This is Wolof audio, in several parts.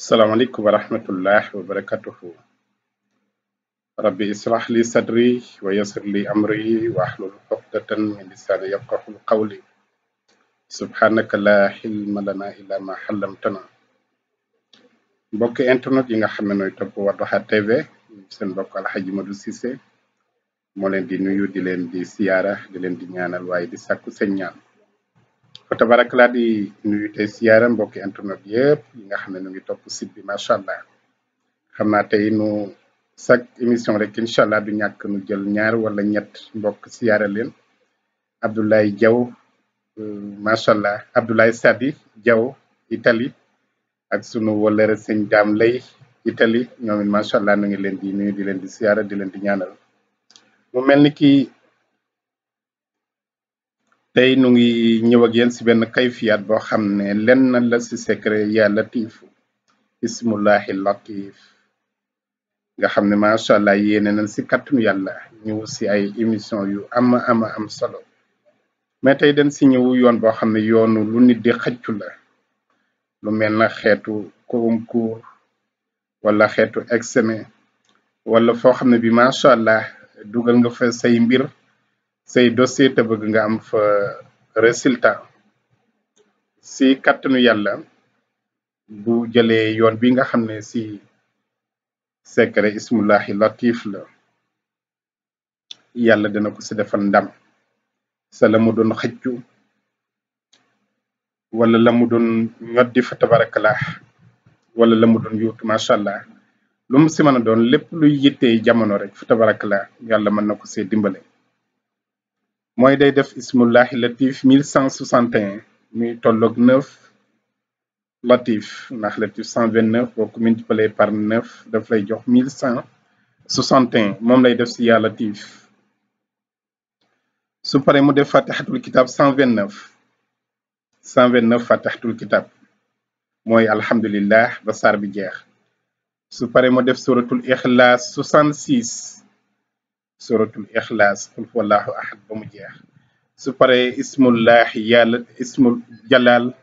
salaamaaleykum wa rahmatullah wa barakatuhu rabbi israh li sadri wa yasir li amri wa ahlul uqdatan min lisaani yafqahu qawli subhanaka laa xilma lana illa ma xalamtana mbokki internet yi nga xam ne nooy topp Wadduha TV seen mbokk Alxaji Madu Sise moo leen di nuyu di len di siyaara di leen di ñaanal waaye di sàkku seen Kota tabarakala di nuyu tey siyaara mbokki internet yeb yi nga xamne ñu ngi top site bi macha allah xam nu émission rek inshallah allah du ñak nu jël ñaar wala ñet mbokk siara leen abdoulay Diaw euh, macha allah Sadi Diaw itali ak sunu re sëñ dam Lay itali ñoom it nu ngi leen di nuyu di leen di siara di leen di ñaanal mu melni ki tey nu ngi ñëw ak yéen si benn kayfiyaat boo xam ne lenn la si secret ya latif ismullahi latif nga xam ne macha allah yéene nañ si kàttanu yàlla ñëw si ay émission yu am ama am solo mais den si ñëw yoon boo xam ne yoonu lu nit di xëccu lu mel na xeetu concours wala xeetu examen wala foo xam ne bi macha allah dugal nga fa say mbir say dossier te bëgg nga am fa résultat si kattanu yàlla bu jëlee yoon bi nga xam ne si secret ismullahi latif la yàlla dana ko si defal ndam sa la mu doon xëccu wala la mu doon ñoddi fa tabarakallah wala la mu doon yuutu macha allah lu mu si mën a doon lépp luy yittee jamono rek fa tabarakallah yàlla mën na ko see dimbale mooy day def ismullahi latif mille cent soixante et un muy tolloog neuf latif ndax latif cent vingt neuf boo ko multiplié par neuf daf lay jox mille cent soixante un moom lay def si yaa latif su pare mu def fatihatul kitab cent vingt neuf cent vingt neuf fatihatul kitab mooy alhamdulillah ba saar bi jeex su pare mu def suratul ixlaas soixante six سورة الإخلاص قل هو الله أحد بمجيخ سوبر اسم الله يال اسم جلال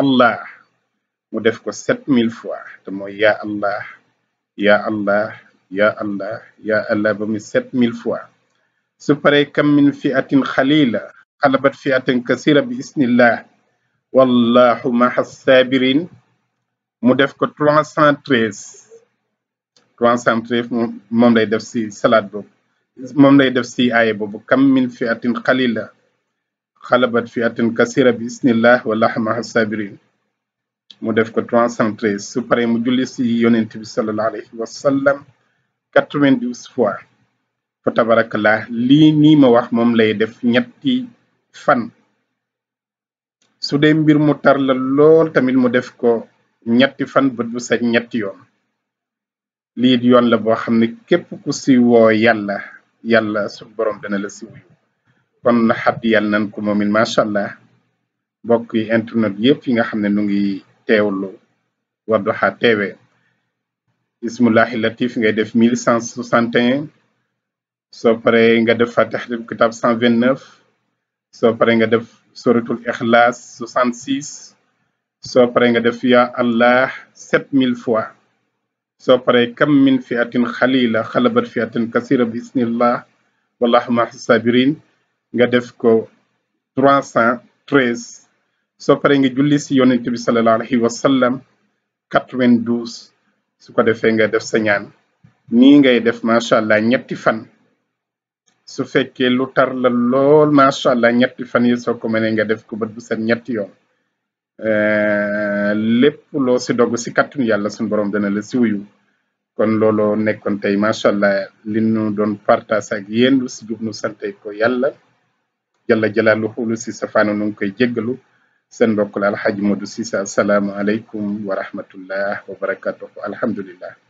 الله مدفكو ست ميل فوا تمو يا الله يا الله يا الله يا الله بمي ست ميل فوا سوبر كم من فئة خليلة قلبت فئة كثيرة بإسم الله والله مع الصابرين مدفكو 313 313 مم لا يدفسي سلاد بوك moom lay def si aaya boobu kam min fiatin qalila xalabat fiatin kasira bi isnillah walaha maha sabirin mu def ko 313 su paree mu julli si yonent bi sallallahu alayhi wa sallam 92 fois fa tabarakallah lii nii ma wax moom lay def ñetti fan su dee mbir mu tar la lool tamit mu def ko ñetti fan bët bu sa ñetti yoon lii yoon la boo xam ne képp ku si woo yàlla yàlla suñu borom dana la si wuyu kon xaddiyal nañ ko moom it macha allah mbokk yi internet yëpp yi nga xam ne nu ngi teewlu Wadduha TV ismullahi latif ngay def mille cent soixante et un soo pare nga def fatihatul kitab cent vingt neuf soo pare nga def suratul ikhlas soixante six soo pare nga def ya allah sept mille fois سوبر كم من فئة خليلة خلبت فئة كثيرة بإذن الله والله مع الصابرين nga def ko 313 soo paree nga julli si yonent bi sallallahu alayhi wa sallam 92 su ko defee nga def sa ñaan nii ngay def macha allah ñetti fan su fekkee lu tar la lool macha allah ñetti fan yi soo ko mënee nga def ko bët bu set ñetti yoon. lépp loo si dogg si kàttun yàlla suñu borom dana la si wuyu kon looloo nekkoon tey macha allah li nu doon parta ak yéen lu si jub nu sante ko yàlla jala jalaaluhu lu si safaanu nu ngi koy jéggalu seen mbokk la alxaji Modou Cissé asalaamaaleykum wa rahmatullah wa barakatuhu alhamdulillah